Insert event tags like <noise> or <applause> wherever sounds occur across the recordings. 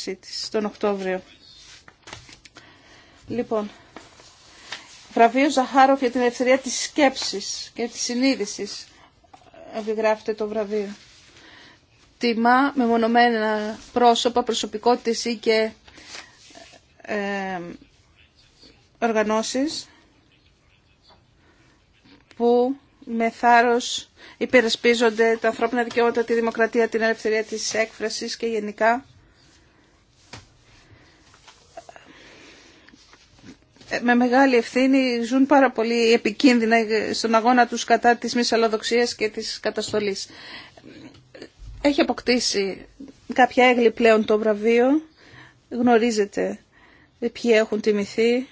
της τον Οκτώβριο. Λοιπόν, βραβείο Ζαχάροφ για την ελευθερία της σκέψης και της συνείδησης επιγράφεται το βραβείο. Τιμά με μονομένα πρόσωπα, προσωπικότητες ή και ε, οργανώσεις που με θάρρος υπερασπίζονται τα ανθρώπινα δικαιώματα, τη δημοκρατία, την ελευθερία της έκφρασης και γενικά με μεγάλη ευθύνη ζουν πάρα πολύ επικίνδυνα στον αγώνα τους κατά της μυσαλλοδοξίας και της καταστολής. Έχει αποκτήσει κάποια έγκλη πλέον το βραβείο, γνωρίζετε ποιοι έχουν τιμηθεί.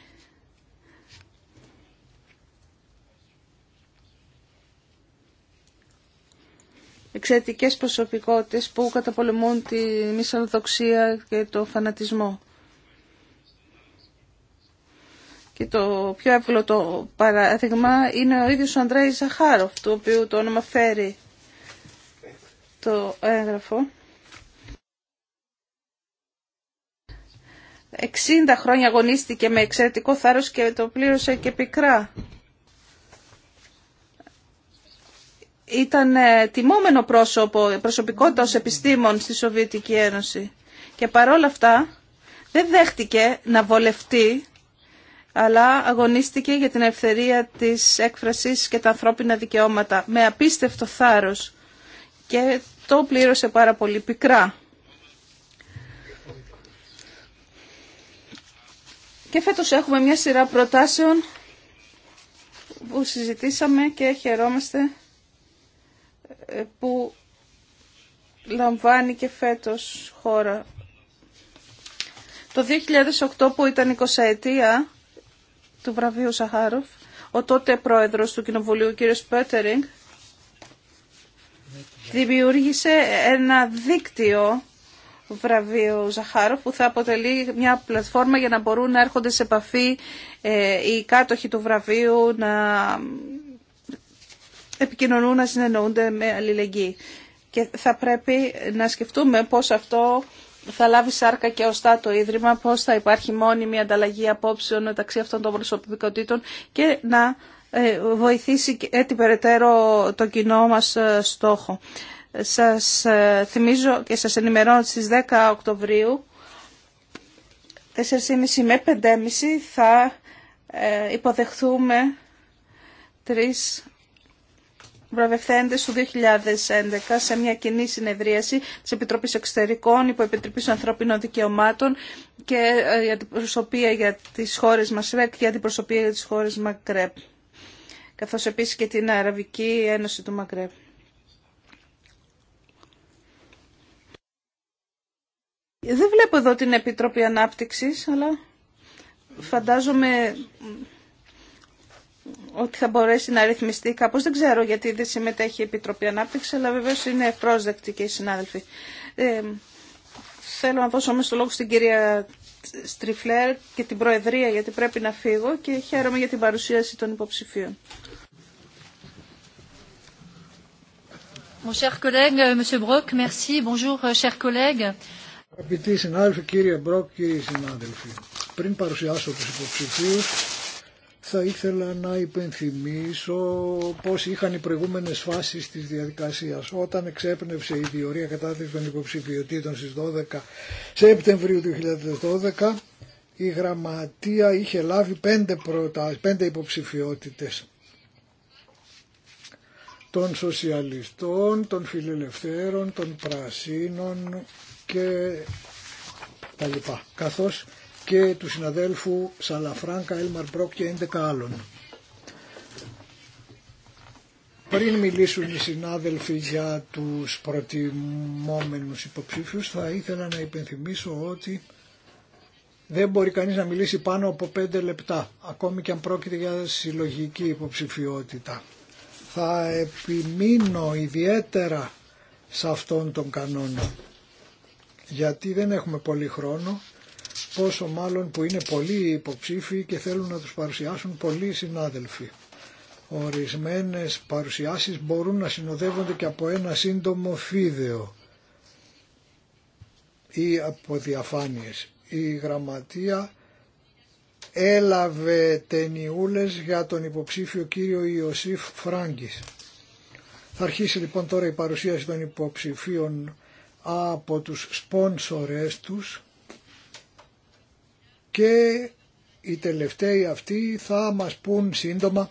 Εξαιρετικές προσωπικότητες που καταπολεμούν τη μυσαλλοδοξία και το φανατισμό. Και το πιο εύκολο το παράδειγμα είναι ο ίδιος ο Ανδρέης Ζαχάροφ, του οποίου το όνομα φέρει το έγγραφο. 60 χρόνια αγωνίστηκε με εξαιρετικό θάρρος και το πλήρωσε και πικρά. Ήταν ε, τιμόμενο πρόσωπο, προσωπικότητα ως επιστήμων στη Σοβιετική Ένωση. Και παρόλα αυτά δεν δέχτηκε να βολευτεί αλλά αγωνίστηκε για την ελευθερία της έκφρασης και τα ανθρώπινα δικαιώματα με απίστευτο θάρρος και το πλήρωσε πάρα πολύ πικρά. Και φέτος έχουμε μια σειρά προτάσεων που συζητήσαμε και χαιρόμαστε ε, που λαμβάνει και φέτος χώρα. Το 2008 που ήταν 20 ετία του βραβείου Σαχάροφ, ο τότε πρόεδρος του Κοινοβουλίου, κύριος Πέτερινγκ, δημιούργησε ένα δίκτυο βραβείου Ζαχάροφ που θα αποτελεί μια πλατφόρμα για να μπορούν να έρχονται σε επαφή ε, οι κάτοχοι του βραβείου να επικοινωνούν, να συνεννοούνται με αλληλεγγύη. Και θα πρέπει να σκεφτούμε πώς αυτό θα λάβει σάρκα και οστά το Ίδρυμα, πώς θα υπάρχει μόνιμη ανταλλαγή απόψεων μεταξύ αυτών των προσωπικότητων και να ε, βοηθήσει έτσι περαιτέρω το κοινό μας ε, στόχο. Σας ε, θυμίζω και σας ενημερώνω στις 10 Οκτωβρίου 4.30 με 5.30 θα υποδεχθούμε τρεις βραβευθέντες του 2011 σε μια κοινή συνεδρίαση της Επιτροπής Εξωτερικών υπό Επιτροπής Ανθρωπίνων Δικαιωμάτων και για ε, την προσωπία για τις χώρες μα και για την προσωπία για τι χώρες Μακρέπ καθώς επίσης και την Αραβική Ένωση του Μακρέπ. Δεν βλέπω εδώ την Επιτροπή Ανάπτυξης, αλλά φαντάζομαι ότι θα μπορέσει να ρυθμιστεί κάπω, Δεν ξέρω γιατί δεν συμμετέχει η Επιτροπή Ανάπτυξη, αλλά βεβαίω είναι ευπρόσδεκτοι και οι συνάδελφοι. Ε, θέλω να δώσω όμω το λόγο στην κυρία Στριφλέρ και την Προεδρία, γιατί πρέπει να φύγω και χαίρομαι για την παρουσίαση των υποψηφίων. Mon cher collègue, euh, Monsieur merci. Bonjour, euh, cher collègue. Αγαπητοί συνάδελφοι, κύριε Μπρόκ, κύριοι συνάδελφοι, πριν παρουσιάσω τους υποψηφίους, θα ήθελα να υπενθυμίσω πώς είχαν οι προηγούμενες φάσεις της διαδικασίας. Όταν εξέπνευσε η διορία κατάθεση των υποψηφιωτήτων στις 12 Σεπτεμβρίου 2012, η γραμματεία είχε λάβει πέντε, προτα... πέντε υποψηφιότητες των σοσιαλιστών, των φιλελευθέρων, των πρασίνων και τα λοιπά. Καθώς και του συναδέλφου Σαλαφράνκα, Έλμαρ Μπρόκ και 11 άλλων. Πριν μιλήσουν οι συνάδελφοι για τους προτιμόμενους υποψήφιους θα ήθελα να υπενθυμίσω ότι δεν μπορεί κανείς να μιλήσει πάνω από 5 λεπτά ακόμη και αν πρόκειται για συλλογική υποψηφιότητα. Θα επιμείνω ιδιαίτερα σε αυτόν τον κανόνα γιατί δεν έχουμε πολύ χρόνο πόσο μάλλον που είναι πολλοί υποψήφοι και θέλουν να τους παρουσιάσουν πολλοί συνάδελφοι. Ορισμένες παρουσιάσεις μπορούν να συνοδεύονται και από ένα σύντομο φίδεο ή από διαφάνειες. Η γραμματεία έλαβε ταινιούλες για τον υποψήφιο κύριο Ιωσήφ Φράγκης. Θα αρχίσει λοιπόν τώρα η παρουσίαση των υποψηφίων από τους σπόνσορές τους και οι τελευταίοι αυτοί θα μας πούν σύντομα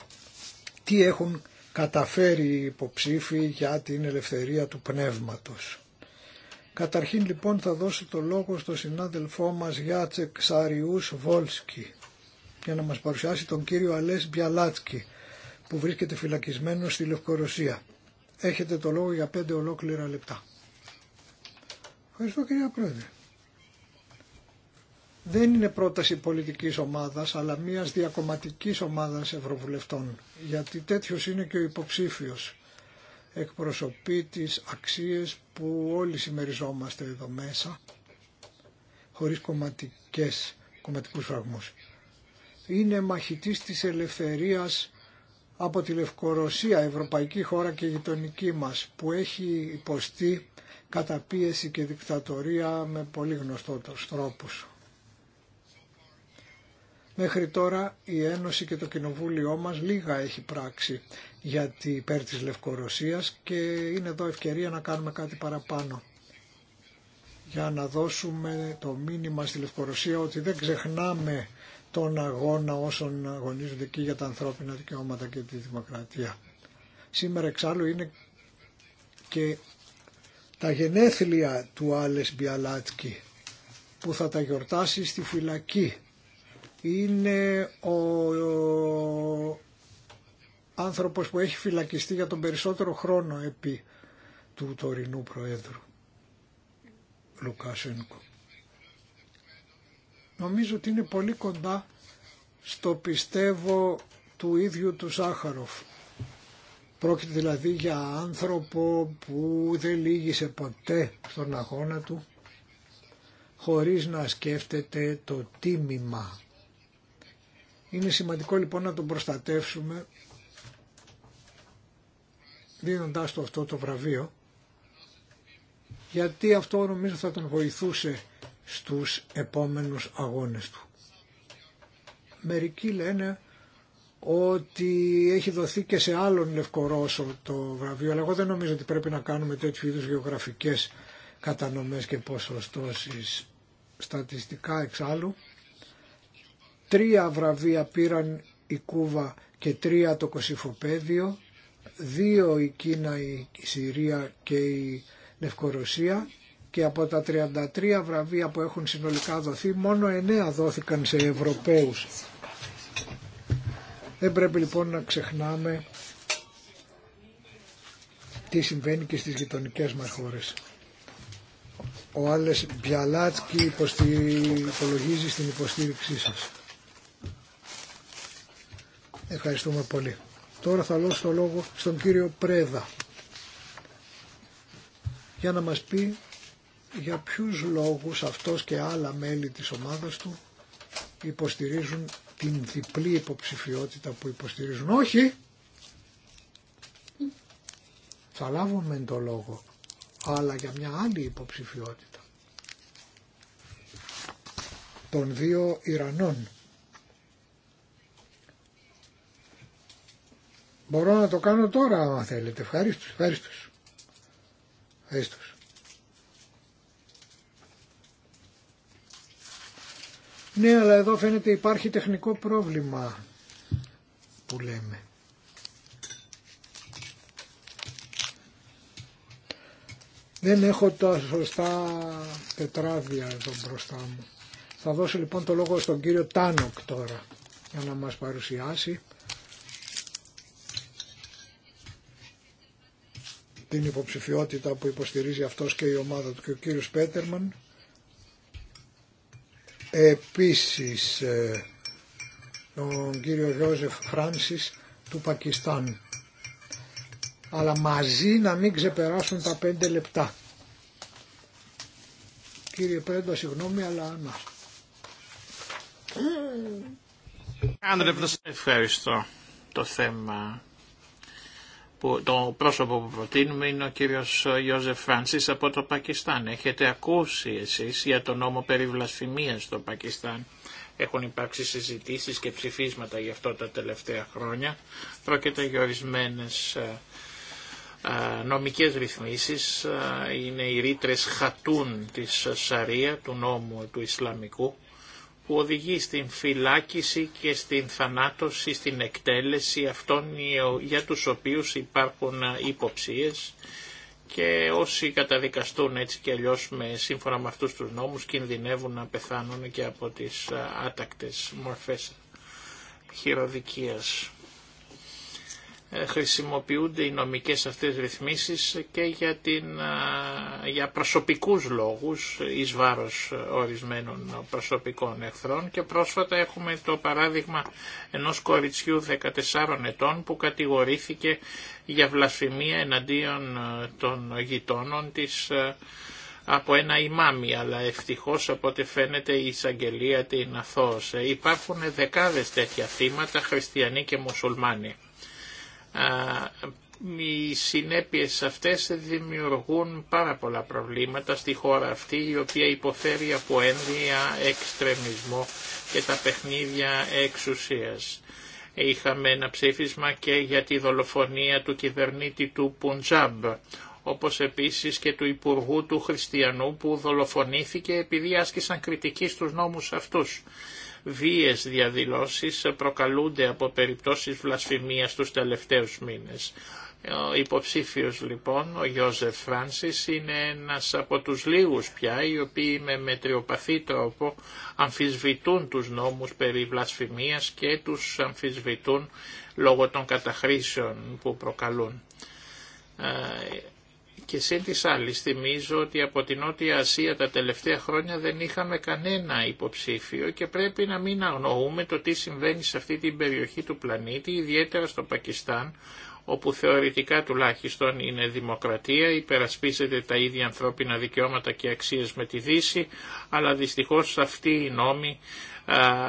τι έχουν καταφέρει οι υποψήφοι για την ελευθερία του πνεύματος. Καταρχήν λοιπόν θα δώσω το λόγο στο συνάδελφό μας Γιάτσεκ Σαριούς Βόλσκι για να μας παρουσιάσει τον κύριο Αλές Μπιαλάτσκι που βρίσκεται φυλακισμένο στη Λευκορωσία. Έχετε το λόγο για πέντε ολόκληρα λεπτά. Ευχαριστώ κύριε Πρόεδρε δεν είναι πρόταση πολιτικής ομάδας, αλλά μιας διακομματικής ομάδας ευρωβουλευτών, γιατί τέτοιος είναι και ο υποψήφιος. Εκπροσωπεί τις αξίες που όλοι συμμεριζόμαστε εδώ μέσα, χωρίς κομματικές, κομματικούς φραγμούς. Είναι μαχητής της ελευθερίας από τη Λευκορωσία, ευρωπαϊκή χώρα και γειτονική μας, που έχει υποστεί καταπίεση και δικτατορία με πολύ γνωστότερους τρόπους. Μέχρι τώρα η Ένωση και το Κοινοβούλιο μας λίγα έχει πράξει για την υπέρ της Λευκορωσίας και είναι εδώ ευκαιρία να κάνουμε κάτι παραπάνω για να δώσουμε το μήνυμα στη Λευκορωσία ότι δεν ξεχνάμε τον αγώνα όσων αγωνίζονται και για τα ανθρώπινα δικαιώματα και τη δημοκρατία. Σήμερα εξάλλου είναι και τα γενέθλια του Άλες Μπιαλάτκι που θα τα γιορτάσει στη φυλακή είναι ο άνθρωπος που έχει φυλακιστεί για τον περισσότερο χρόνο επί του τωρινού Προέδρου Λουκάσενκο. Νομίζω ότι είναι πολύ κοντά στο πιστεύω του ίδιου του Σάχαροφ. Πρόκειται δηλαδή για άνθρωπο που δεν λύγησε ποτέ στον αγώνα του χωρίς να σκέφτεται το τίμημα είναι σημαντικό λοιπόν να τον προστατεύσουμε δίνοντάς του αυτό το βραβείο γιατί αυτό νομίζω θα τον βοηθούσε στους επόμενους αγώνες του. Μερικοί λένε ότι έχει δοθεί και σε άλλον Λευκορώσο το βραβείο, αλλά εγώ δεν νομίζω ότι πρέπει να κάνουμε τέτοιου είδους γεωγραφικές κατανομές και ποσοστώσεις στατιστικά εξάλλου. Τρία βραβεία πήραν η Κούβα και τρία το Κωσυφοπέδιο, δύο η Κίνα, η Συρία και η Νευκορωσία και από τα 33 βραβεία που έχουν συνολικά δοθεί μόνο 9 δόθηκαν σε Ευρωπαίους. Δεν πρέπει λοιπόν να ξεχνάμε τι συμβαίνει και στις γειτονικέ μας χώρες. Ο Άλες Μπιαλάτσκι υποστηρι... υπολογίζει στην υποστήριξή σας. Ευχαριστούμε πολύ. Τώρα θα δώσω το λόγο στον κύριο Πρέδα για να μας πει για ποιους λόγους αυτός και άλλα μέλη της ομάδας του υποστηρίζουν την διπλή υποψηφιότητα που υποστηρίζουν. Όχι! Θα λάβουμε το λόγο, αλλά για μια άλλη υποψηφιότητα των δύο Ιρανών Μπορώ να το κάνω τώρα, αν θέλετε. Ευχαριστώ. Ευχαριστώ. Ευχαρίστω. Ναι, αλλά εδώ φαίνεται υπάρχει τεχνικό πρόβλημα που λέμε. Δεν έχω τα σωστά τετράδια εδώ μπροστά μου. Θα δώσω λοιπόν το λόγο στον κύριο Τάνοκ τώρα για να μας παρουσιάσει την υποψηφιότητα που υποστηρίζει αυτός και η ομάδα του και ο κύριος Πέτερμαν. Επίσης ε, τον κύριο Γιώζεφ Φράνσις του Πακιστάν. Αλλά μαζί να μην ξεπεράσουν τα πέντε λεπτά. Κύριε Πρέντα, συγγνώμη, αλλά να. ευχαριστώ. Το θέμα το πρόσωπο που προτείνουμε είναι ο κύριος Ιώζεφ Φράνσις από το Πακιστάν. Έχετε ακούσει εσείς για τον νόμο περί βλασφημίας στο Πακιστάν. Έχουν υπάρξει συζητήσεις και ψηφίσματα γι' αυτό τα τελευταία χρόνια. Πρόκειται για ορισμένε ε, ε, νομικές ρυθμίσεις. Ε, είναι οι ρήτρε χατούν της Σαρία, του νόμου του Ισλαμικού που οδηγεί στην φυλάκιση και στην θανάτωση, στην εκτέλεση αυτών για τους οποίους υπάρχουν ε, υποψίες και όσοι καταδικαστούν έτσι και αλλιώς με, σύμφωνα με αυτούς τους νόμους κινδυνεύουν να πεθάνουν και από τις ε, άτακτες μορφές χειροδικίας. Ε, χρησιμοποιούνται οι νομικές αυτές ρυθμίσεις και για, την, ε, για προσωπικούς λόγους εις βάρος ορισμένων προσωπικών εχθρών και πρόσφατα έχουμε το παράδειγμα ενός κοριτσιού 14 ετών που κατηγορήθηκε για βλασφημία εναντίον ε, των γειτόνων της από ένα ημάμι, αλλά ευτυχώς από ό,τι φαίνεται η εισαγγελία την αθώωσε. Υπάρχουν δεκάδες τέτοια θύματα, χριστιανοί και μουσουλμάνοι οι συνέπειες αυτές δημιουργούν πάρα πολλά προβλήματα στη χώρα αυτή η οποία υποφέρει από ένδυα, εξτρεμισμό και τα παιχνίδια εξουσίας. Είχαμε ένα ψήφισμα και για τη δολοφονία του κυβερνήτη του Πουντζάμπ, όπως επίσης και του Υπουργού του Χριστιανού που δολοφονήθηκε επειδή άσκησαν κριτική στους νόμους αυτούς βίες διαδηλώσεις προκαλούνται από περιπτώσεις βλασφημίας τους τελευταίους μήνες. Ο υποψήφιος λοιπόν, ο Γιώζεφ Φράνσις, είναι ένας από τους λίγους πια, οι οποίοι με μετριοπαθή τρόπο αμφισβητούν τους νόμους περί βλασφημίας και τους αμφισβητούν λόγω των καταχρήσεων που προκαλούν. Ε, και σε τη άλλη θυμίζω ότι από την Νότια Ασία τα τελευταία χρόνια δεν είχαμε κανένα υποψήφιο και πρέπει να μην αγνοούμε το τι συμβαίνει σε αυτή την περιοχή του πλανήτη, ιδιαίτερα στο Πακιστάν, όπου θεωρητικά τουλάχιστον είναι δημοκρατία, υπερασπίζεται τα ίδια ανθρώπινα δικαιώματα και αξίες με τη Δύση, αλλά δυστυχώς αυτοί οι νόμοι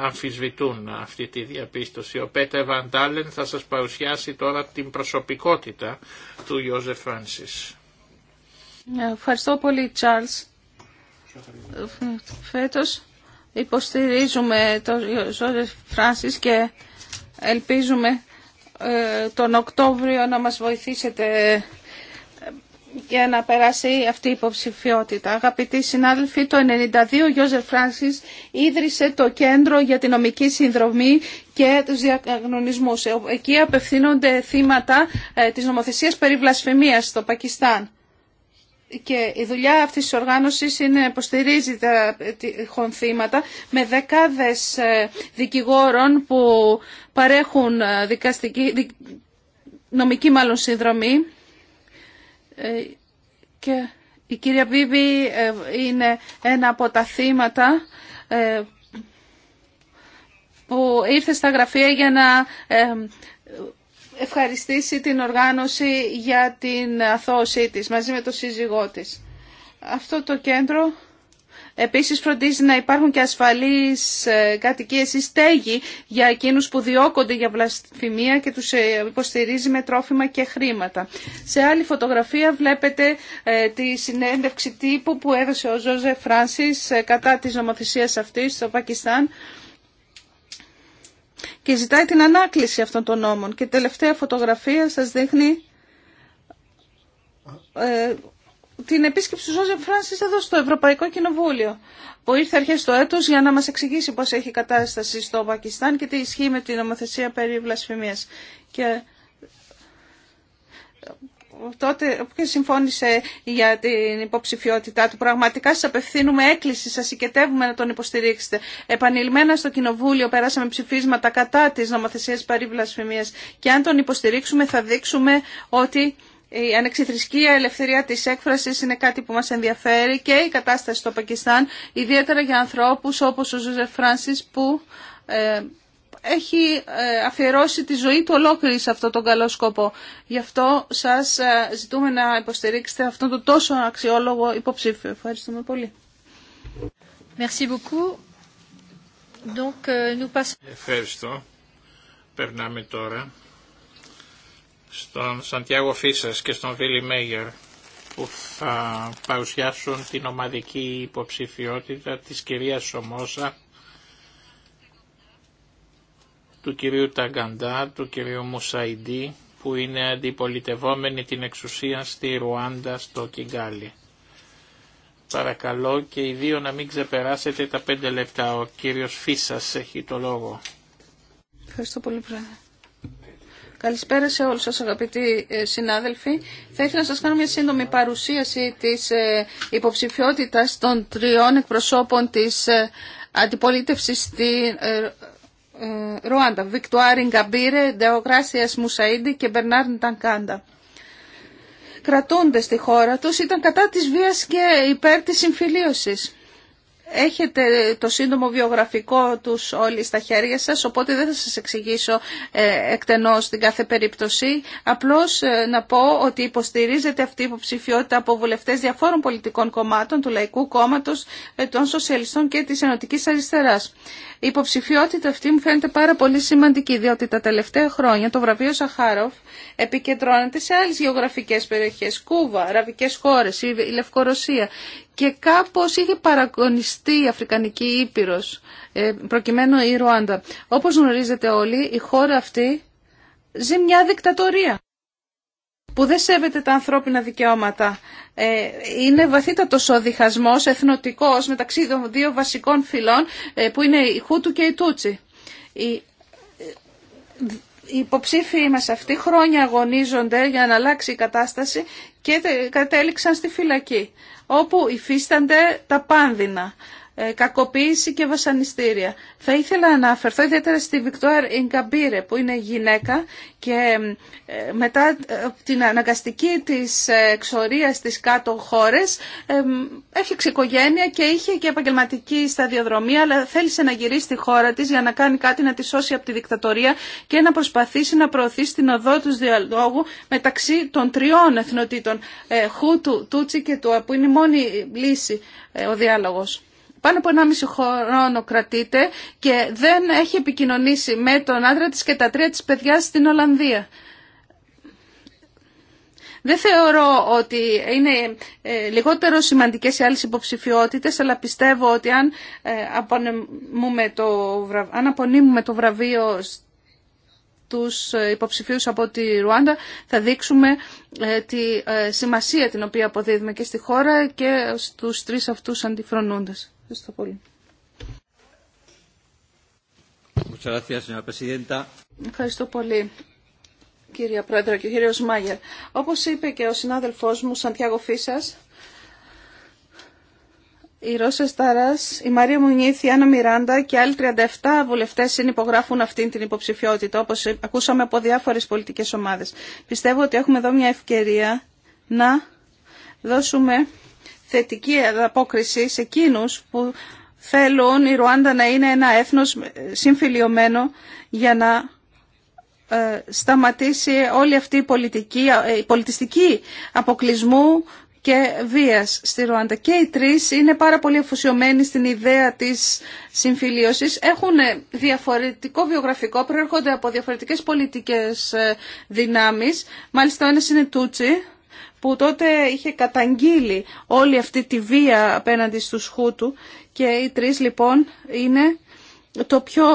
αμφισβητούν αυτή τη διαπίστωση. Ο Πέτε Βαντάλεν θα σας παρουσιάσει τώρα την προσωπικότητα του Ιώζεφ Φράνσις. Ευχαριστώ πολύ, Φέτος υποστηρίζουμε τον Γιώργο Φράνσις και ελπίζουμε ε, τον Οκτώβριο να μας βοηθήσετε ε, για να περάσει αυτή η υποψηφιότητα. Αγαπητοί συνάδελφοι, το 1992 ο Γιώζερ Φράνσις ίδρυσε το Κέντρο για την Νομική Συνδρομή και τους διαγνωνισμούς. Ε, εκεί απευθύνονται θύματα της νομοθεσίας περί βλασφημίας στο Πακιστάν και η δουλειά αυτής της οργάνωσης είναι να υποστηρίζει τα τυχόν θύματα με δεκάδες ε, δικηγόρων που παρέχουν ε, δικαστική, νομική μάλλον συνδρομή ε, και η κυρία Μπίμπη είναι ένα από τα θύματα που ήρθε στα γραφεία για να ευχαριστήσει την οργάνωση για την αθώωσή της μαζί με το σύζυγό της. Αυτό το κέντρο επίσης φροντίζει να υπάρχουν και ασφαλείς ε, κατοικίες ή στέγη για εκείνους που διώκονται για βλασφημία και τους ε, υποστηρίζει με τρόφιμα και χρήματα. Σε άλλη φωτογραφία βλέπετε ε, τη συνέντευξη τύπου που έδωσε ο Ζωζε Φράνσις κατά της νομοθεσίας αυτής στο Πακιστάν και ζητάει την ανάκληση αυτών των νόμων. Και η τελευταία φωτογραφία σας δείχνει ε, την επίσκεψη του Ζόζεφ Φράνσις εδώ στο Ευρωπαϊκό Κοινοβούλιο που ήρθε αρχές το έτος για να μας εξηγήσει πώς έχει κατάσταση στο Πακιστάν και τι ισχύει με την νομοθεσία περί βλασφημίας. Και τότε που συμφώνησε για την υποψηφιότητά του. Πραγματικά σας απευθύνουμε έκκληση, σας συγκετεύουμε να τον υποστηρίξετε. Επανειλημμένα στο Κοινοβούλιο περάσαμε ψηφίσματα κατά της νομοθεσίας παρήβλασφημίας και αν τον υποστηρίξουμε θα δείξουμε ότι... Η ανεξιθρησκεία, η ελευθερία της έκφρασης είναι κάτι που μας ενδιαφέρει και η κατάσταση στο Πακιστάν, ιδιαίτερα για ανθρώπους όπως ο Ζουζερ Φράνσις που ε, έχει ε, αφιερώσει τη ζωή του ολόκληρη σε αυτόν τον καλό σκοπό. Γι' αυτό σας ε, ζητούμε να υποστηρίξετε αυτόν τον τόσο αξιόλογο υποψήφιο. Ευχαριστούμε πολύ. Merci beaucoup. Donc, euh, nous Ευχαριστώ. Περνάμε τώρα στον Σαντιάγο Φίσας και στον Βίλι Μέγερ που θα παρουσιάσουν την ομαδική υποψηφιότητα της κυρίας Σομόσα του κυρίου Ταγκαντά, του κυρίου Μουσαϊντή, που είναι αντιπολιτευόμενοι την εξουσία στη Ρουάντα στο Κιγκάλι. Παρακαλώ και οι δύο να μην ξεπεράσετε τα πέντε λεπτά. Ο κύριος Φίσας έχει το λόγο. Ευχαριστώ πολύ πρόεδρε. Καλησπέρα σε όλους σας αγαπητοί ε, συνάδελφοι. Θα ήθελα να σας κάνω μια σύντομη παρουσίαση της ε, υποψηφιότητας των τριών εκπροσώπων της ε, αντιπολίτευσης στην. Ε, Ρουάντα, Βικτουάριν Γκαμπίρε, Ντεοκράσια Μουσαΐντι και Μπερνάρν Τανκάντα. Κρατούνται στη χώρα τους, ήταν κατά της βίας και υπέρ της συμφιλίωσης. Έχετε το σύντομο βιογραφικό τους όλοι στα χέρια σας, οπότε δεν θα σας εξηγήσω ε, εκτενώς την κάθε περίπτωση. Απλώς ε, να πω ότι υποστηρίζεται αυτή η υποψηφιότητα από βουλευτές διαφόρων πολιτικών κομμάτων, του Λαϊκού Κόμματος, ε, των Σοσιαλιστών και της Ενωτικής Αριστεράς. Η υποψηφιότητα αυτή μου φαίνεται πάρα πολύ σημαντική, διότι τα τελευταία χρόνια το βραβείο Σαχάροφ επικεντρώνεται σε άλλες γεωγραφικές περιοχές, Κούβα, αραβικές χώρες, η Λευκορωσία και κάπως είχε παραγωνιστεί η Αφρικανική Ήπειρος, ε, προκειμένου η Ρουάντα. Όπως γνωρίζετε όλοι, η χώρα αυτή ζει μια δικτατορία που δεν σέβεται τα ανθρώπινα δικαιώματα. Ε, είναι βαθύτατος ο διχασμός εθνοτικός μεταξύ των δύο βασικών φυλών ε, που είναι η Χούτου και η Τούτσι. Οι, υποψήφοι μας αυτοί χρόνια αγωνίζονται για να αλλάξει η κατάσταση και κατέληξαν στη φυλακή όπου υφίστανται τα πάνδυνα. Ε, κακοποίηση και βασανιστήρια. Θα ήθελα να αναφερθώ ιδιαίτερα στη Βικτόρ Ιγκαμπίρε που είναι γυναίκα και ε, μετά ε, την αναγκαστική της εξορία στις κάτω χώρες έφτιαξε οικογένεια και είχε και επαγγελματική σταδιοδρομία αλλά θέλησε να γυρίσει στη χώρα της για να κάνει κάτι να τη σώσει από τη δικτατορία και να προσπαθήσει να προωθήσει την οδό του διαλόγου μεταξύ των τριών εθνοτήτων Χούτου, Τούτσι και του που είναι η μόνη λύση ο διάλογος πάνω από 1,5 χρόνο κρατείται και δεν έχει επικοινωνήσει με τον άντρα της και τα τρία της παιδιά στην Ολλανδία. Δεν θεωρώ ότι είναι ε, λιγότερο σημαντικές οι άλλες υποψηφιότητες, αλλά πιστεύω ότι αν, ε, το, απονείμουμε το βραβείο τους ε, υποψηφίους από τη Ρουάντα, θα δείξουμε τη σημασία την οποία αποδίδουμε και στη χώρα και στους τρεις αυτούς αντιφρονούντες. Ευχαριστώ πολύ. Ευχαριστώ πολύ κύριε Πρόεδρε και ο κύριος Μάγερ. Όπως είπε και ο συνάδελφός μου Σαντιάγο Φίσας, η Ρώσα Σταρά, η Μαρία Μουνίθ, η Άννα Μιράντα και άλλοι 37 βουλευτέ συνυπογράφουν αυτήν την υποψηφιότητα, όπω ακούσαμε από διάφορε πολιτικέ ομάδε, Πιστεύω ότι έχουμε εδώ μια ευκαιρία να δώσουμε θετική απόκριση σε εκείνου που θέλουν η Ρουάντα να είναι ένα έθνος συμφιλειωμένο για να ε, σταματήσει όλη αυτή η, πολιτική, ε, πολιτιστική αποκλεισμού και βίας στη Ρουάντα. Και οι τρεις είναι πάρα πολύ αφοσιωμένοι στην ιδέα της συμφιλίωσης. Έχουν διαφορετικό βιογραφικό, προέρχονται από διαφορετικές πολιτικές ε, δυνάμεις. Μάλιστα ο ένας είναι Τούτσι, που τότε είχε καταγγείλει όλη αυτή τη βία απέναντι στους Χούτου και οι τρεις λοιπόν είναι το πιο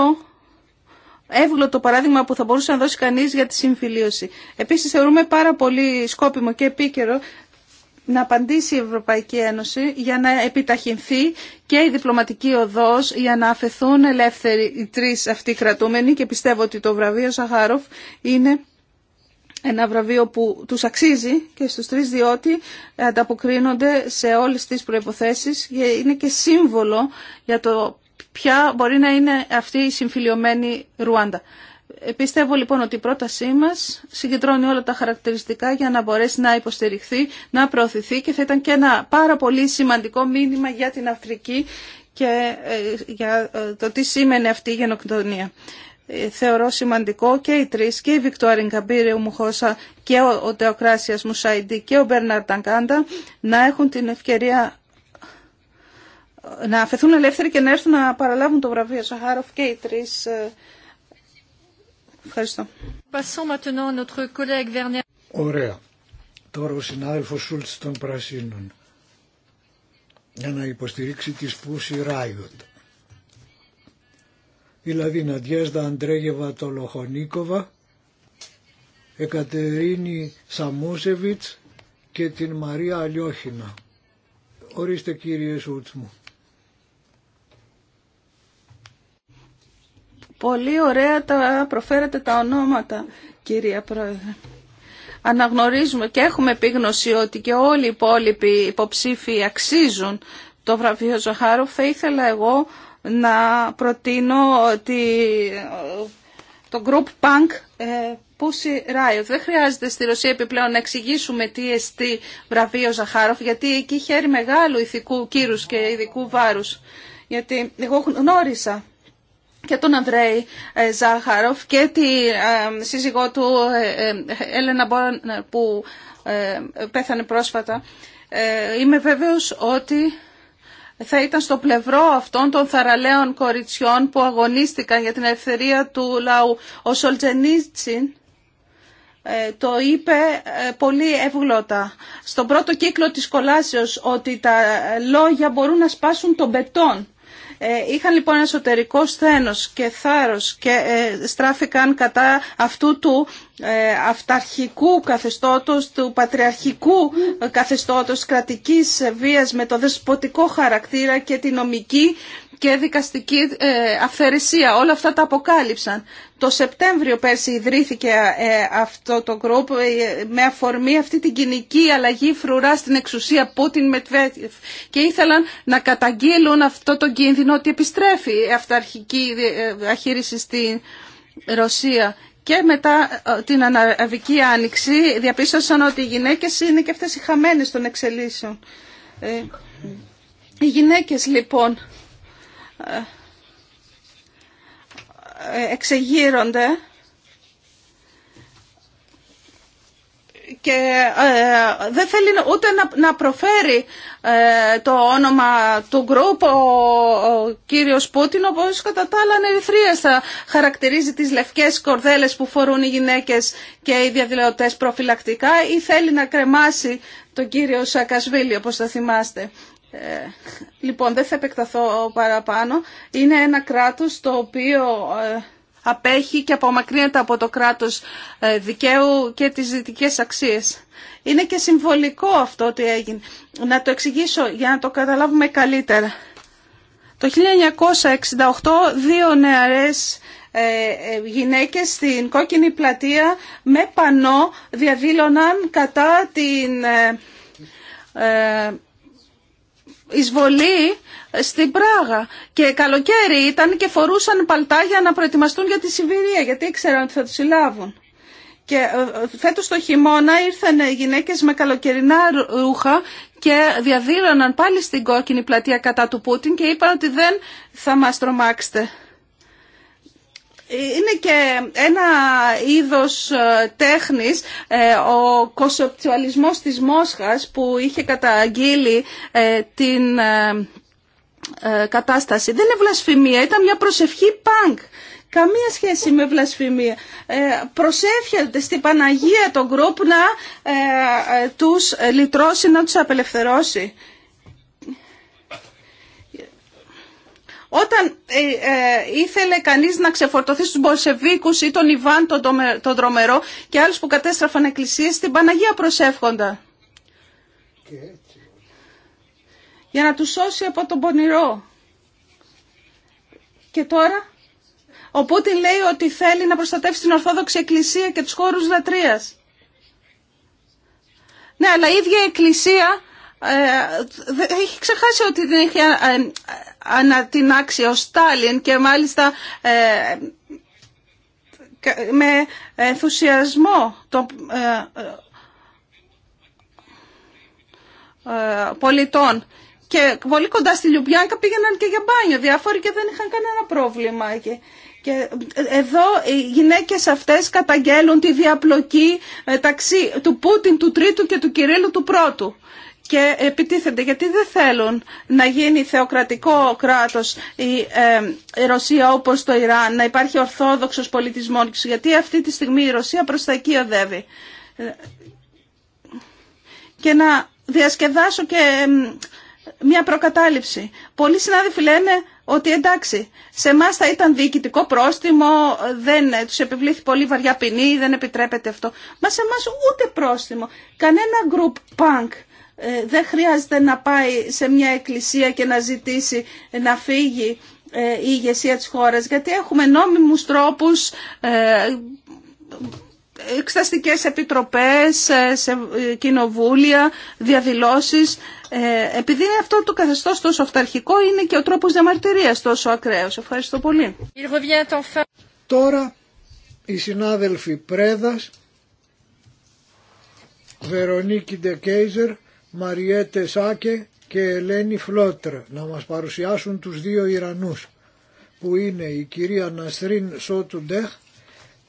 εύγλωτο παράδειγμα που θα μπορούσε να δώσει κανείς για τη συμφιλίωση. Επίσης θεωρούμε πάρα πολύ σκόπιμο και επίκαιρο να απαντήσει η Ευρωπαϊκή Ένωση για να επιταχυνθεί και η διπλωματική οδός για να αφαιθούν ελεύθεροι οι τρεις αυτοί κρατούμενοι και πιστεύω ότι το βραβείο Σαχάροφ είναι ένα βραβείο που τους αξίζει και στους τρεις διότι ανταποκρίνονται σε όλες τις προϋποθέσεις και είναι και σύμβολο για το ποια μπορεί να είναι αυτή η συμφιλειωμένη Ρουάντα. Πιστεύω λοιπόν ότι η πρότασή μας συγκεντρώνει όλα τα χαρακτηριστικά για να μπορέσει να υποστηριχθεί, να προωθηθεί και θα ήταν και ένα πάρα πολύ σημαντικό μήνυμα για την Αφρική και ε, για ε, το τι σήμαινε αυτή η γενοκτονία θεωρώ σημαντικό και οι τρεις και η Βικτόρια ο Μουχώσα και ο, ο Τεοκράσιας Μουσαϊντή και ο Μπέρναρ Ταγκάντα να έχουν την ευκαιρία να αφαιθούν ελεύθεροι και να έρθουν να παραλάβουν το βραβείο Σαχάροφ και οι τρεις. Ε, ευχαριστώ. Ωραία. Τώρα ο συνάδελφος Σούλτς των Πρασίνων για να υποστηρίξει τη σπούση Ράιοντ δηλαδή Ναντιέσδα Αντρέγεβα Τολοχονίκοβα, Εκατερίνη Σαμούσεβιτς και την Μαρία Αλιόχινα. Ορίστε κύριε Σούτς μου. Πολύ ωραία τα προφέρετε τα ονόματα, κυρία Πρόεδρε. Αναγνωρίζουμε και έχουμε επίγνωση ότι και όλοι οι υπόλοιποι υποψήφοι αξίζουν το βραβείο Ζαχάροφ. Θα ήθελα εγώ να προτείνω το group punk ε, Pussy Riot. Δεν χρειάζεται στη Ρωσία επιπλέον να εξηγήσουμε τι εστί βραβείο Ζαχάροφ, γιατί εκεί χαίρει μεγάλου ηθικού κύρους και ειδικού βάρους. Γιατί εγώ γνώρισα και τον Ανδρέη ε, Ζάχαροφ και τη ε, σύζυγό του Έλενα Μπόραν που πέθανε πρόσφατα. Είμαι βέβαιος ότι θα ήταν στο πλευρό αυτών των θαραλέων κοριτσιών που αγωνίστηκαν για την ελευθερία του λαού. Ο Σολτζενίτσιν ε, το είπε ε, πολύ εύγλωτα στον πρώτο κύκλο της κολάσεως ότι τα λόγια μπορούν να σπάσουν τον πετόν. Ε, είχαν λοιπόν εσωτερικό σθένος και θάρρος και στράφηκαν κατά αυτού του ε, αυταρχικού καθεστώτος, του πατριαρχικού καθεστώτος, κρατικής βίας με το δεσποτικό χαρακτήρα και τη νομική και δικαστική ε, αυθαιρεσία. Όλα αυτά τα αποκάλυψαν. Το Σεπτέμβριο πέρσι ιδρύθηκε ε, αυτό το γκρουπ με αφορμή αυτή την κοινική αλλαγή φρουρά στην εξουσία Πούτιν Μετβέτιεφ και ήθελαν να καταγγείλουν αυτό το κίνδυνο ότι επιστρέφει η αυταρχική αχείριση στην Ρωσία και μετά ε, την αναβική Άνοιξη διαπίστωσαν ότι οι γυναίκες είναι και αυτές οι χαμένες των εξελίσσεων. Ε, οι γυναίκες λοιπόν ε, εξεγείρονται και ε, δεν θέλει ούτε να, να προφέρει ε, το όνομα του γκρουπ ο, ο κύριος Πούτιν όπως κατά τα άλλα θα χαρακτηρίζει τις λευκές κορδέλες που φορούν οι γυναίκες και οι διαδηλωτές προφυλακτικά ή θέλει να κρεμάσει τον κύριο Σακασβίλη όπως θα θυμάστε. Ε, λοιπόν δεν θα επεκταθώ παραπάνω. Είναι ένα κράτος το οποίο... Ε, απέχει και απομακρύνεται από το κράτος ε, δικαίου και τις δυτικές αξίες. Είναι και συμβολικό αυτό ότι έγινε. Να το εξηγήσω για να το καταλάβουμε καλύτερα. Το 1968 δύο νεαρές ε, ε, γυναίκες στην Κόκκινη Πλατεία με πανό διαδήλωναν κατά την εισβολή στην Πράγα και καλοκαίρι ήταν και φορούσαν παλτά για να προετοιμαστούν για τη Σιβηρία γιατί ήξεραν ότι θα τους συλλάβουν. Και ε, ε, φέτος το χειμώνα ήρθαν οι γυναίκε με καλοκαιρινά ρούχα και διαδήλωναν πάλι στην κόκκινη πλατεία κατά του Πούτιν και είπαν ότι δεν θα μα τρομάξετε. Είναι και ένα είδος ε, τέχνης, ε, ο κοσοπτουαλισμός της Μόσχας που είχε καταγγείλει ε, την κατάσταση. Δεν είναι βλασφημία, ήταν μια προσευχή πανκ. Καμία σχέση με βλασφημία. Ε, προσεύχεται στην Παναγία τον γκρουπ να τους λυτρώσει, να τους απελευθερώσει. Όταν ε, ε, ήθελε κανείς να ξεφορτωθεί στους Μπολσεβίκους ή τον Ιβάν τον, τον Δρομερό και άλλους που κατέστραφαν εκκλησίες, στην Παναγία προσεύχοντα. Για να τους σώσει από τον πονηρό. Και τώρα, ο Πούτιν λέει ότι θέλει να προστατεύσει την Ορθόδοξη Εκκλησία και τους χώρους λατρείας. Ναι, αλλά η ίδια η Εκκλησία ε, έχει ξεχάσει ότι δεν έχει ε, ανατινάξει ο Στάλιν και μάλιστα ε, με ενθουσιασμό των πολιτών. Και πολύ κοντά στη Λιουμπιάνκα πήγαιναν και για μπάνιο διάφοροι και δεν είχαν κανένα πρόβλημα Και εδώ οι γυναίκες αυτές καταγγέλουν τη διαπλοκή μεταξύ του Πούτιν του Τρίτου και του Κυρίλου του Πρώτου και επιτίθενται γιατί δεν θέλουν να γίνει θεοκρατικό κράτος ε, η, Ρωσία όπως το Ιράν, να υπάρχει ορθόδοξος πολιτισμός, γιατί αυτή τη στιγμή η Ρωσία προς τα εκεί οδεύει. Και να διασκεδάσω και μια προκατάληψη. Πολλοί συνάδελφοι λένε ότι εντάξει, σε εμά θα ήταν διοικητικό πρόστιμο, δεν του επιβλήθη πολύ βαριά ποινή, δεν επιτρέπεται αυτό. Μα σε εμά ούτε πρόστιμο. Κανένα group punk ε, δεν χρειάζεται να πάει σε μια εκκλησία και να ζητήσει να φύγει ε, η ηγεσία της χώρας, γιατί έχουμε νόμιμους τρόπους, εξεταστικές επιτροπές, ε, σε κοινοβούλια, διαδηλώσεις. Επειδή είναι αυτό το καθεστώς τόσο αυταρχικό, είναι και ο τρόπος διαμαρτυρίας τόσο ακραίος. Ευχαριστώ πολύ. Τώρα οι συνάδελφοι Πρέδας, Βερονίκη Ντεκέιζερ, Μαριέτε Σάκε και Ελένη Φλότρ να μας παρουσιάσουν τους δύο Ιρανούς που είναι η κυρία Ναστρίν Σότουντεχ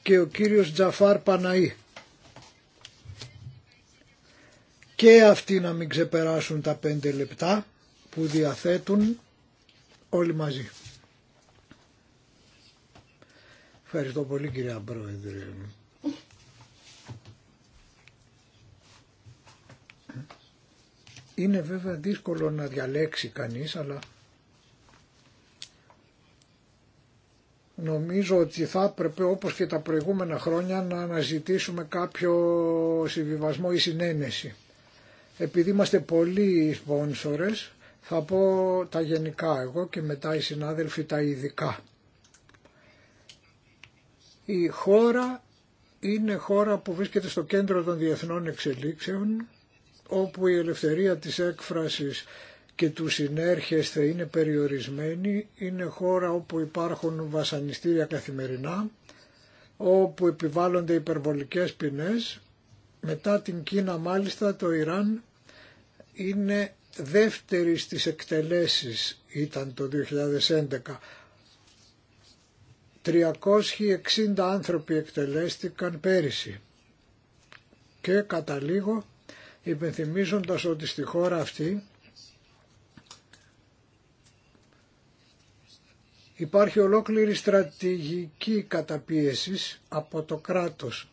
και ο κύριος Τζαφάρ Παναή. Και αυτοί να μην ξεπεράσουν τα πέντε λεπτά που διαθέτουν όλοι μαζί. Ευχαριστώ πολύ κυρία Πρόεδρε. Είναι βέβαια δύσκολο να διαλέξει κανείς, αλλά νομίζω ότι θα έπρεπε όπως και τα προηγούμενα χρόνια να αναζητήσουμε κάποιο συμβιβασμό ή συνένεση. Επειδή είμαστε πολλοί σπόνσορες, θα πω τα γενικά εγώ και μετά οι συνάδελφοι τα ειδικά. Η χώρα είναι χώρα που βρίσκεται στο κέντρο των διεθνών εξελίξεων όπου η ελευθερία της έκφρασης και του συνέρχεσθε είναι περιορισμένη, είναι χώρα όπου υπάρχουν βασανιστήρια καθημερινά, όπου επιβάλλονται υπερβολικές ποινές. Μετά την Κίνα μάλιστα το Ιράν είναι δεύτερη στις εκτελέσεις ήταν το 2011. 360 άνθρωποι εκτελέστηκαν πέρυσι και κατά υπενθυμίζοντας ότι στη χώρα αυτή υπάρχει ολόκληρη στρατηγική καταπίεσης από το κράτος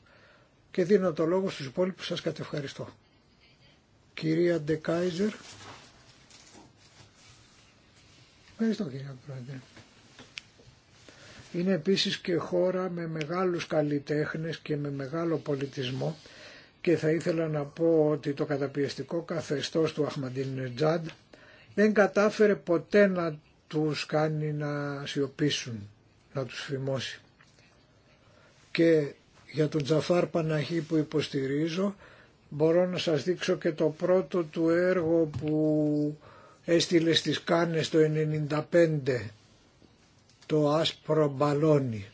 και δίνω το λόγο στους υπόλοιπους σας κατευχαριστώ. Κυρία Ντεκάιζερ. Ευχαριστώ κυρία Πρόεδρε. Είναι επίσης και χώρα με μεγάλους καλλιτέχνες και με μεγάλο πολιτισμό και θα ήθελα να πω ότι το καταπιεστικό καθεστώς του Αχμαντίν Τζάντ δεν κατάφερε ποτέ να τους κάνει να σιωπήσουν, να τους φημώσει. Και για τον Τζαφάρ Παναχή που υποστηρίζω μπορώ να σας δείξω και το πρώτο του έργο που έστειλε στις Κάνες το 1995 το άσπρο μπαλόνι.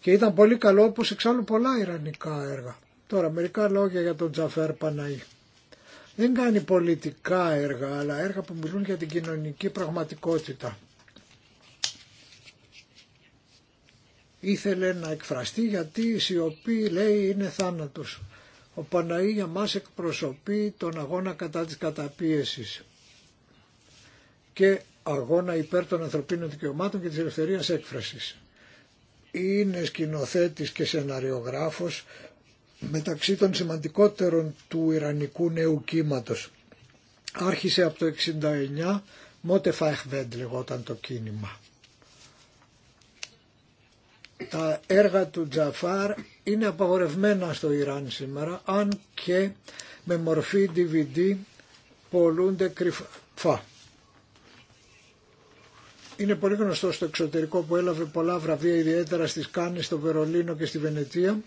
Και ήταν πολύ καλό όπως εξάλλου πολλά ιρανικά έργα. Τώρα, μερικά λόγια για τον Τζαφέρ Παναή. Δεν κάνει πολιτικά έργα, αλλά έργα που μιλούν για την κοινωνική πραγματικότητα. Ήθελε να εκφραστεί γιατί η σιωπή λέει είναι θάνατος. Ο Παναή για μας εκπροσωπεί τον αγώνα κατά της καταπίεσης και αγώνα υπέρ των ανθρωπίνων δικαιωμάτων και της ελευθερίας έκφρασης. Είναι σκηνοθέτης και σεναριογράφος μεταξύ των σημαντικότερων του Ιρανικού νέου κύματος. Άρχισε από το 69, Μότε Φαϊχβέντ λεγόταν το κίνημα. Τα έργα του Τζαφάρ είναι απαγορευμένα στο Ιράν σήμερα, αν και με μορφή DVD πολλούνται κρυφά. Είναι πολύ γνωστό στο εξωτερικό που έλαβε πολλά βραβεία, ιδιαίτερα στις Κάνες, στο Βερολίνο και στη Βενετία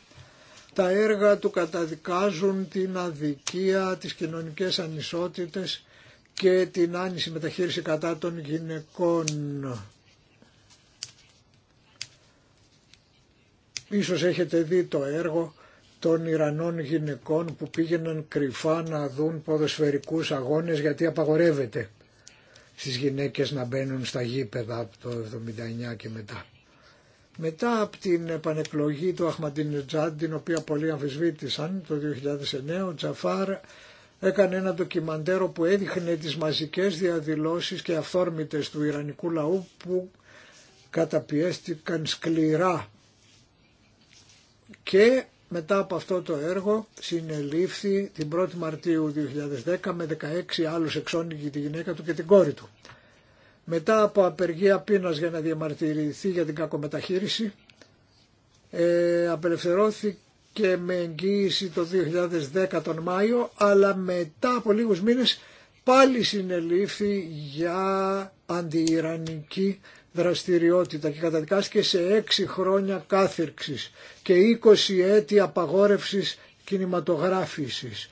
τα έργα του καταδικάζουν την αδικία, τις κοινωνικές ανισότητες και την άνηση μεταχείριση κατά των γυναικών. Ίσως έχετε δει το έργο των Ιρανών γυναικών που πήγαιναν κρυφά να δουν ποδοσφαιρικούς αγώνες γιατί απαγορεύεται στις γυναίκες να μπαίνουν στα γήπεδα από το 79 και μετά. Μετά από την επανεκλογή του Αχμαντινετζάντ, την οποία πολλοί αμφισβήτησαν το 2009, ο Τζαφάρ έκανε ένα ντοκιμαντέρο που έδειχνε τις μαζικές διαδηλώσεις και αυθόρμητες του Ιρανικού λαού που καταπιέστηκαν σκληρά. Και μετά από αυτό το έργο συνελήφθη την 1η Μαρτίου 2010 με 16 άλλους εξώνυγοι τη γυναίκα του και την κόρη του μετά από απεργία πείνας για να διαμαρτυρηθεί για την κακομεταχείριση ε, απελευθερώθηκε με εγγύηση το 2010 τον Μάιο αλλά μετά από λίγους μήνες πάλι συνελήφθη για αντιιρανική δραστηριότητα και καταδικάστηκε σε έξι χρόνια κάθυρξης και 20 έτη απαγόρευσης κινηματογράφησης.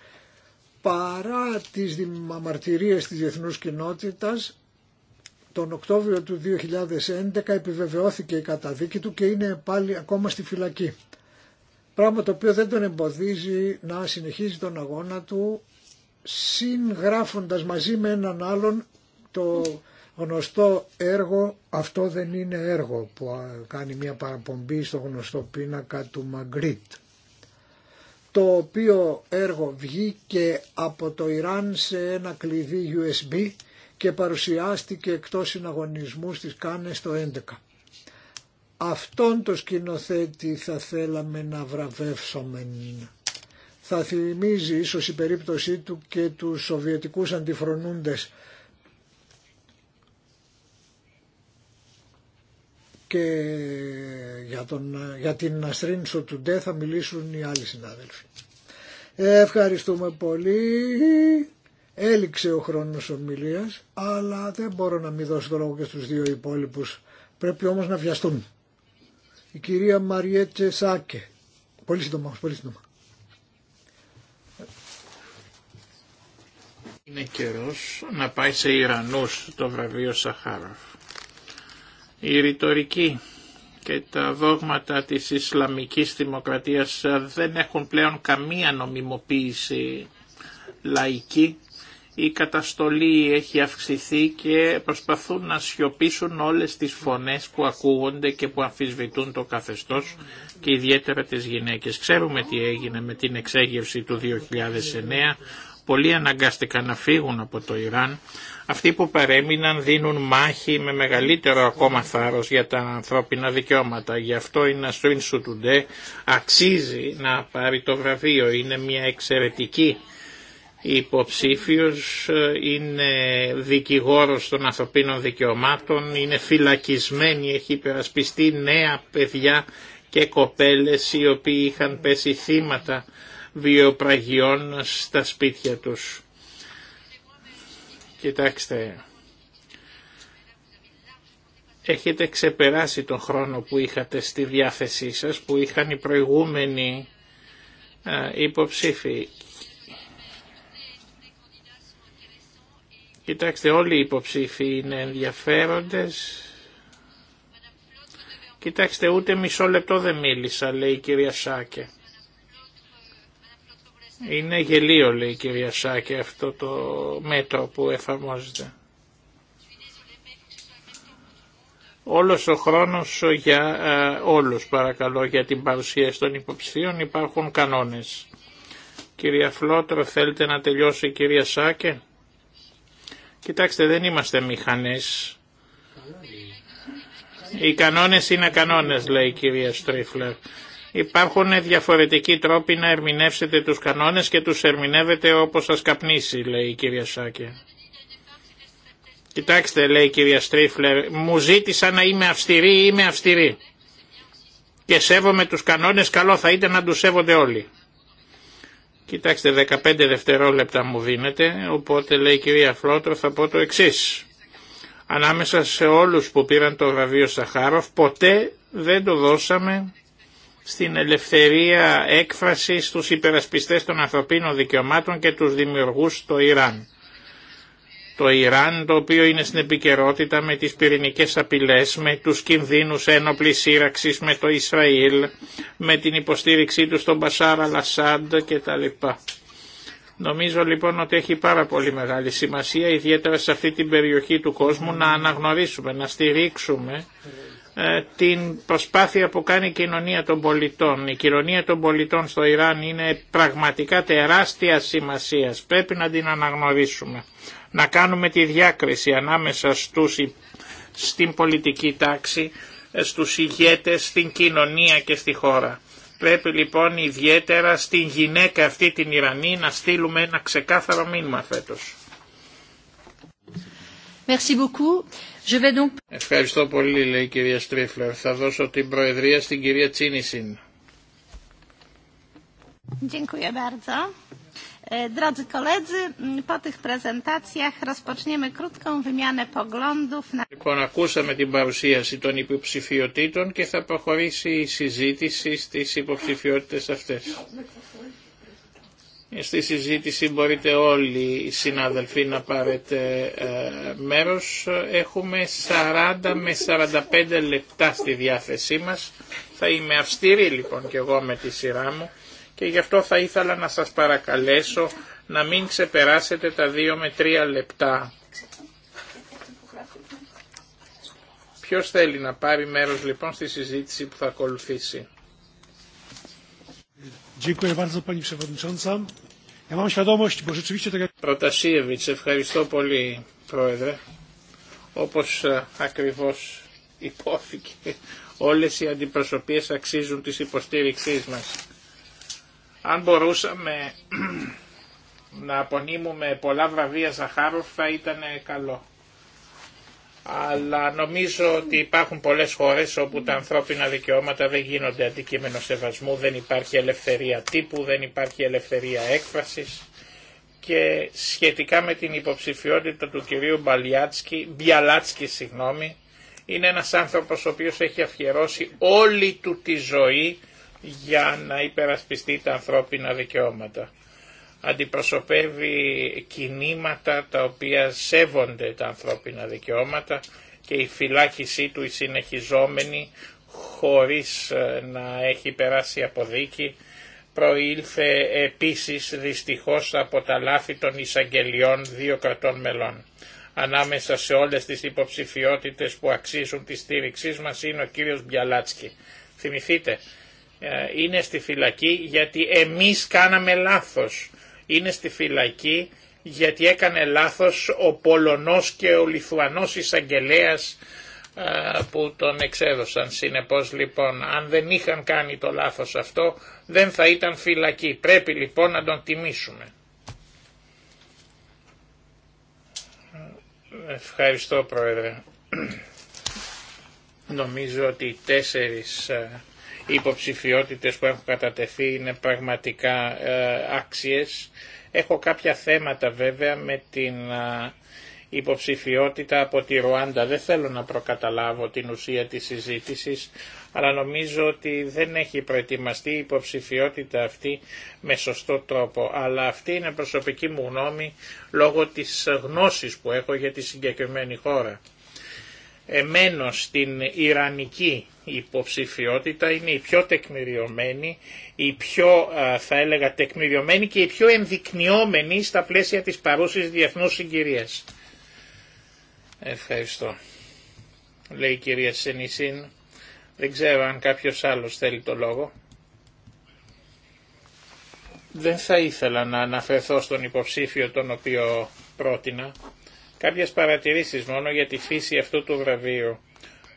Παρά τις αμαρτυρίες της διεθνούς κοινότητας τον Οκτώβριο του 2011 επιβεβαιώθηκε η καταδίκη του και είναι πάλι ακόμα στη φυλακή. Πράγμα το οποίο δεν τον εμποδίζει να συνεχίζει τον αγώνα του συγγράφοντας μαζί με έναν άλλον το γνωστό έργο «Αυτό δεν είναι έργο» που κάνει μια παραπομπή στο γνωστό πίνακα του Μαγκρίτ το οποίο έργο βγήκε από το Ιράν σε ένα κλειδί USB και παρουσιάστηκε εκτός συναγωνισμού στις Κάνες το 11. Αυτόν το σκηνοθέτη θα θέλαμε να βραβεύσουμε. Θα θυμίζει ίσως η περίπτωσή του και τους σοβιετικούς αντιφρονούντες και για, τον, για την αστρίνσο του Ντε θα μιλήσουν οι άλλοι συνάδελφοι. Ευχαριστούμε πολύ. Έληξε ο χρόνος ομιλίας, αλλά δεν μπορώ να μην δώσω το λόγο και στους δύο υπόλοιπους. Πρέπει όμως να βιαστούν. Η κυρία Μαριέτσε Σάκε. Πολύ σύντομα, πολύ σύντομα. Είναι καιρός να πάει σε Ιρανούς το βραβείο Σαχάραφ. Η ρητορική και τα δόγματα της Ισλαμικής Δημοκρατίας δεν έχουν πλέον καμία νομιμοποίηση λαϊκή η καταστολή έχει αυξηθεί και προσπαθούν να σιωπήσουν όλες τις φωνές που ακούγονται και που αμφισβητούν το καθεστώς και ιδιαίτερα τις γυναίκες. Ξέρουμε τι έγινε με την εξέγευση του 2009. Πολλοί αναγκάστηκαν να φύγουν από το Ιράν. Αυτοί που παρέμειναν δίνουν μάχη με μεγαλύτερο ακόμα θάρρος για τα ανθρώπινα δικαιώματα. Γι' αυτό η Ναστρίν Σουτουντέ αξίζει να πάρει το βραβείο. Είναι μια εξαιρετική υποψήφιος, ε, είναι δικηγόρος των ανθρωπίνων δικαιωμάτων, είναι φυλακισμένη, έχει υπερασπιστεί νέα παιδιά και κοπέλες οι οποίοι είχαν πέσει θύματα βιοπραγιών στα σπίτια τους. Κοιτάξτε, έχετε ξεπεράσει τον χρόνο που είχατε στη διάθεσή σας, που είχαν οι προηγούμενοι ε, υποψήφοι Κοιτάξτε, όλοι οι υποψήφοι είναι ενδιαφέροντες. Κοιτάξτε, ούτε μισό λεπτό δεν μίλησα, λέει η κυρία Σάκε. Είναι γελίο, λέει η κυρία Σάκε, αυτό το μέτρο που εφαρμόζεται. Όλος ο χρόνος για όλου, ε, όλους, παρακαλώ, για την παρουσίαση των υποψηφίων υπάρχουν κανόνες. Κυρία Φλότρο, θέλετε να τελειώσει η κυρία Σάκε. Κοιτάξτε, δεν είμαστε μηχανές. Οι κανόνες είναι κανόνες, λέει η κυρία Στρίφλερ. Υπάρχουν διαφορετικοί τρόποι να ερμηνεύσετε τους κανόνες και τους ερμηνεύετε όπως σας καπνίσει, λέει η κυρία Σάκε. Κοιτάξτε, λέει η κυρία Στρίφλερ, μου ζήτησα να είμαι αυστηρή ή είμαι αυστηρή. Και σέβομαι τους κανόνες, καλό θα ήταν να τους σέβονται όλοι. Κοιτάξτε, 15 δευτερόλεπτα μου δίνετε, οπότε λέει η κυρία Φλότρο θα πω το εξή. Ανάμεσα σε όλους που πήραν το βραβείο Σαχάροφ, ποτέ δεν το δώσαμε στην ελευθερία έκφρασης στους υπερασπιστές των ανθρωπίνων δικαιωμάτων και τους δημιουργούς στο Ιράν το Ιράν το οποίο είναι στην επικαιρότητα με τις πυρηνικές απειλές, με τους κινδύνους ένοπλης σύραξης με το Ισραήλ, με την υποστήριξή του στον Μπασάρα Λασάντ κτλ. Νομίζω λοιπόν ότι έχει πάρα πολύ μεγάλη σημασία, ιδιαίτερα σε αυτή την περιοχή του κόσμου, να αναγνωρίσουμε, να στηρίξουμε ε, την προσπάθεια που κάνει η κοινωνία των πολιτών. Η κοινωνία των πολιτών στο Ιράν είναι πραγματικά τεράστια σημασία. Πρέπει να την αναγνωρίσουμε να κάνουμε τη διάκριση ανάμεσα στους, στην πολιτική τάξη, ε, στους ηγέτες, στην κοινωνία και στη χώρα. Πρέπει λοιπόν ιδιαίτερα στην γυναίκα αυτή την Ιρανή να στείλουμε ένα ξεκάθαρο μήνυμα φέτος. Ευχαριστώ πολύ, λέει η κυρία Στρίφλερ. Θα δώσω την προεδρία στην κυρία Τσίνισιν. E, drodzy koledzy, mm, po tych Λοιπόν, ακούσαμε την παρουσίαση των υποψηφιωτήτων και θα προχωρήσει η συζήτηση στις υποψηφιότητες αυτές. Ε, στη συζήτηση μπορείτε όλοι οι συναδελφοί να πάρετε ε, μέρος. Έχουμε 40 με 45 λεπτά στη διάθεσή μας. Θα είμαι αυστηρή λοιπόν και εγώ με τη σειρά μου και γι' αυτό θα ήθελα να σας παρακαλέσω να μην ξεπεράσετε τα δύο με τρία λεπτά. Ποιος θέλει να πάρει μέρος λοιπόν στη συζήτηση που θα ακολουθήσει. Προτασίεβιτς, ευχαριστώ πολύ Πρόεδρε. Όπως ε, ακριβώς υπόθηκε, όλες οι αντιπροσωπείες αξίζουν της υποστήριξής μας. Αν μπορούσαμε <clears throat> να απονείμουμε πολλά βραβεία Ζαχάροφ θα ήταν καλό. Αλλά νομίζω ότι υπάρχουν πολλές χώρες όπου τα ανθρώπινα δικαιώματα δεν γίνονται αντικείμενο σεβασμού, δεν υπάρχει ελευθερία τύπου, δεν υπάρχει ελευθερία έκφρασης και σχετικά με την υποψηφιότητα του κυρίου Μπαλιάτσκι, Μπιαλάτσκι συγγνώμη, είναι ένας άνθρωπος ο οποίος έχει αφιερώσει όλη του τη ζωή για να υπερασπιστεί τα ανθρώπινα δικαιώματα. Αντιπροσωπεύει κινήματα τα οποία σέβονται τα ανθρώπινα δικαιώματα και η φυλάκισή του η συνεχιζόμενη χωρίς ε, να έχει περάσει από δίκη προήλθε επίσης δυστυχώς από τα λάθη των εισαγγελιών δύο κρατών μελών. Ανάμεσα σε όλες τις υποψηφιότητες που αξίζουν τη στήριξή μας είναι ο κύριος Μπιαλάτσκι. Θυμηθείτε, ε, είναι στη φυλακή γιατί εμείς κάναμε λάθος. Είναι στη φυλακή γιατί έκανε λάθος ο Πολωνός και ο Λιθουανός εισαγγελέα ε, που τον εξέδωσαν. Συνεπώς λοιπόν αν δεν είχαν κάνει το λάθος αυτό δεν θα ήταν φυλακή. Πρέπει λοιπόν να τον τιμήσουμε. Ευχαριστώ Πρόεδρε. Νομίζω ότι τέσσερις ε, οι υποψηφιότητες που έχουν κατατεθεί είναι πραγματικά ε, άξιες. Έχω κάποια θέματα βέβαια με την ε, υποψηφιότητα από τη Ρουάντα. Δεν θέλω να προκαταλάβω την ουσία της συζήτησης, αλλά νομίζω ότι δεν έχει προετοιμαστεί η υποψηφιότητα αυτή με σωστό τρόπο. Αλλά αυτή είναι προσωπική μου γνώμη λόγω της γνώσης που έχω για τη συγκεκριμένη χώρα. Εμένω στην Ιρανική η υποψηφιότητα είναι η πιο τεκμηριωμένη, η πιο θα έλεγα τεκμηριωμένη και η πιο ενδεικνυόμενη στα πλαίσια της παρούσης διεθνούς συγκυρίας. Ευχαριστώ. Λέει η κυρία Σενισίν. Δεν ξέρω αν κάποιος άλλος θέλει το λόγο. Δεν θα ήθελα να αναφερθώ στον υποψήφιο τον οποίο πρότεινα. Κάποιες παρατηρήσεις μόνο για τη φύση αυτού του βραβείου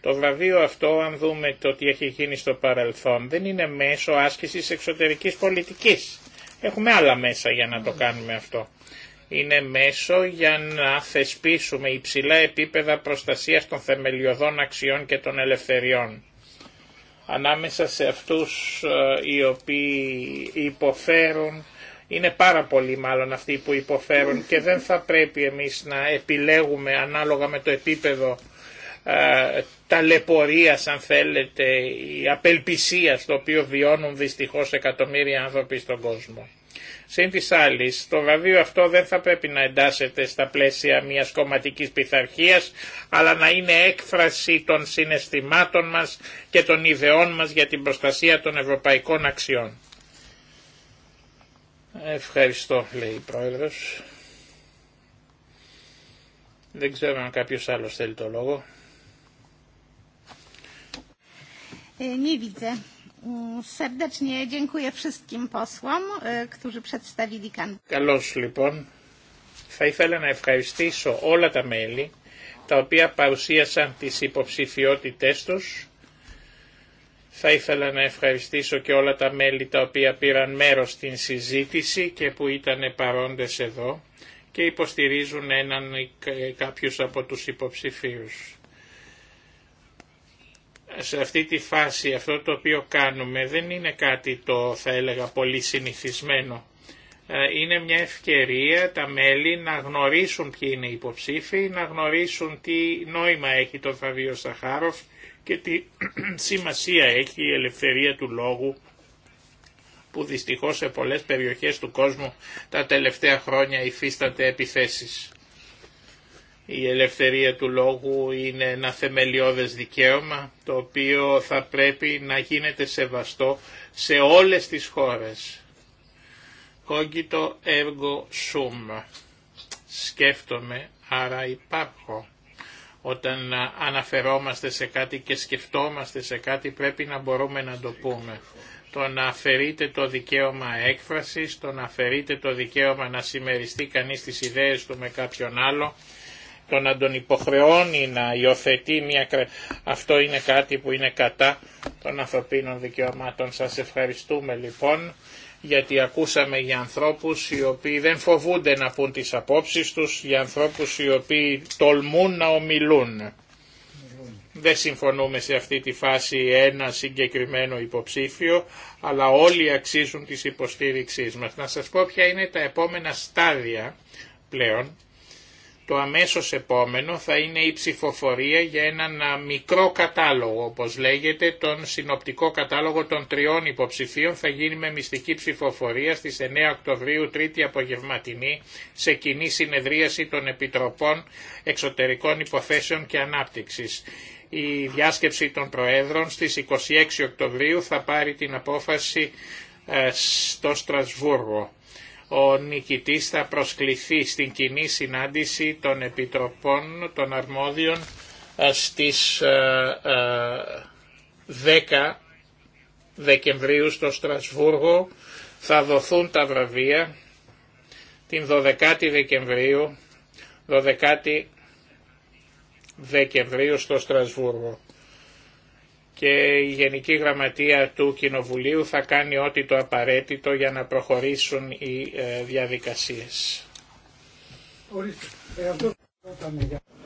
το βραβείο αυτό, αν δούμε το τι έχει γίνει στο παρελθόν, δεν είναι μέσο άσκησης εξωτερικής πολιτικής. Έχουμε άλλα μέσα για να το mm. κάνουμε αυτό. Είναι μέσο για να θεσπίσουμε υψηλά επίπεδα προστασίας των θεμελιωδών αξιών και των ελευθεριών. Ανάμεσα σε αυτούς ε, οι οποίοι υποφέρουν, είναι πάρα πολλοί μάλλον αυτοί που υποφέρουν και δεν θα πρέπει εμείς να επιλέγουμε ανάλογα με το επίπεδο ταλαιπωρίας αν θέλετε, η απελπισία στο οποίο βιώνουν δυστυχώς εκατομμύρια άνθρωποι στον κόσμο. Συν της άλλης, το βραβείο αυτό δεν θα πρέπει να εντάσσεται στα πλαίσια μιας κομματικής πειθαρχία, αλλά να είναι έκφραση των συναισθημάτων μας και των ιδεών μας για την προστασία των ευρωπαϊκών αξιών. Ευχαριστώ, λέει η Πρόεδρος. Δεν ξέρω αν κάποιος άλλος θέλει το λόγο. E, nie widzę. Mm, e, Καλώς λοιπόν. Θα ήθελα να ευχαριστήσω όλα τα μέλη τα οποία παρουσίασαν τις υποψηφιότητές τους. Θα ήθελα να ευχαριστήσω και όλα τα μέλη τα οποία πήραν μέρος στην συζήτηση και που ήταν παρόντες εδώ και υποστηρίζουν έναν κάποιους από τους υποψηφίους σε αυτή τη φάση αυτό το οποίο κάνουμε δεν είναι κάτι το θα έλεγα πολύ συνηθισμένο. Ε, είναι μια ευκαιρία τα μέλη να γνωρίσουν ποιοι είναι οι υποψήφοι, να γνωρίσουν τι νόημα έχει το Φαβίο Σαχάροφ και τι <clears throat> σημασία έχει η ελευθερία του λόγου που δυστυχώς σε πολλές περιοχές του κόσμου τα τελευταία χρόνια υφίσταται επιθέσεις. Η ελευθερία του λόγου είναι ένα θεμελιώδες δικαίωμα το οποίο θα πρέπει να γίνεται σεβαστό σε όλες τις χώρες. Κόγκητο έργο σουμ. Σκέφτομαι, άρα υπάρχω. Όταν αναφερόμαστε σε κάτι και σκεφτόμαστε σε κάτι πρέπει να μπορούμε να το πούμε. Το να αφαιρείτε το δικαίωμα έκφρασης, το να αφαιρείτε το δικαίωμα να συμμεριστεί κανείς τις ιδέες του με κάποιον άλλο, το να τον υποχρεώνει να υιοθετεί μια αυτό είναι κάτι που είναι κατά των ανθρωπίνων δικαιωμάτων. Σας ευχαριστούμε λοιπόν γιατί ακούσαμε για ανθρώπους οι οποίοι δεν φοβούνται να πούν τις απόψεις τους, για ανθρώπους οι οποίοι τολμούν να ομιλούν. Δεν συμφωνούμε σε αυτή τη φάση ένα συγκεκριμένο υποψήφιο, αλλά όλοι αξίζουν της υποστήριξής μας. Να σας πω ποια είναι τα επόμενα στάδια πλέον το αμέσως επόμενο θα είναι η ψηφοφορία για έναν μικρό κατάλογο, όπως λέγεται, τον συνοπτικό κατάλογο των τριών υποψηφίων θα γίνει με μυστική ψηφοφορία στις 9 Οκτωβρίου, τρίτη απογευματινή, σε κοινή συνεδρίαση των Επιτροπών Εξωτερικών Υποθέσεων και Ανάπτυξης. Η διάσκεψη των Προέδρων στις 26 Οκτωβρίου θα πάρει την απόφαση ε, στο Στρασβούργο ο νικητής θα προσκληθεί στην κοινή συνάντηση των επιτροπών των αρμόδιων ε, στις 10 ε, ε, Δεκεμβρίου στο Στρασβούργο θα δοθούν τα βραβεία την 12η Δεκεμβρίου, 12 Δεκεμβρίου στο Στρασβούργο και η Γενική Γραμματεία του Κοινοβουλίου θα κάνει ό,τι το απαραίτητο για να προχωρήσουν οι ε, διαδικασίες. Ε,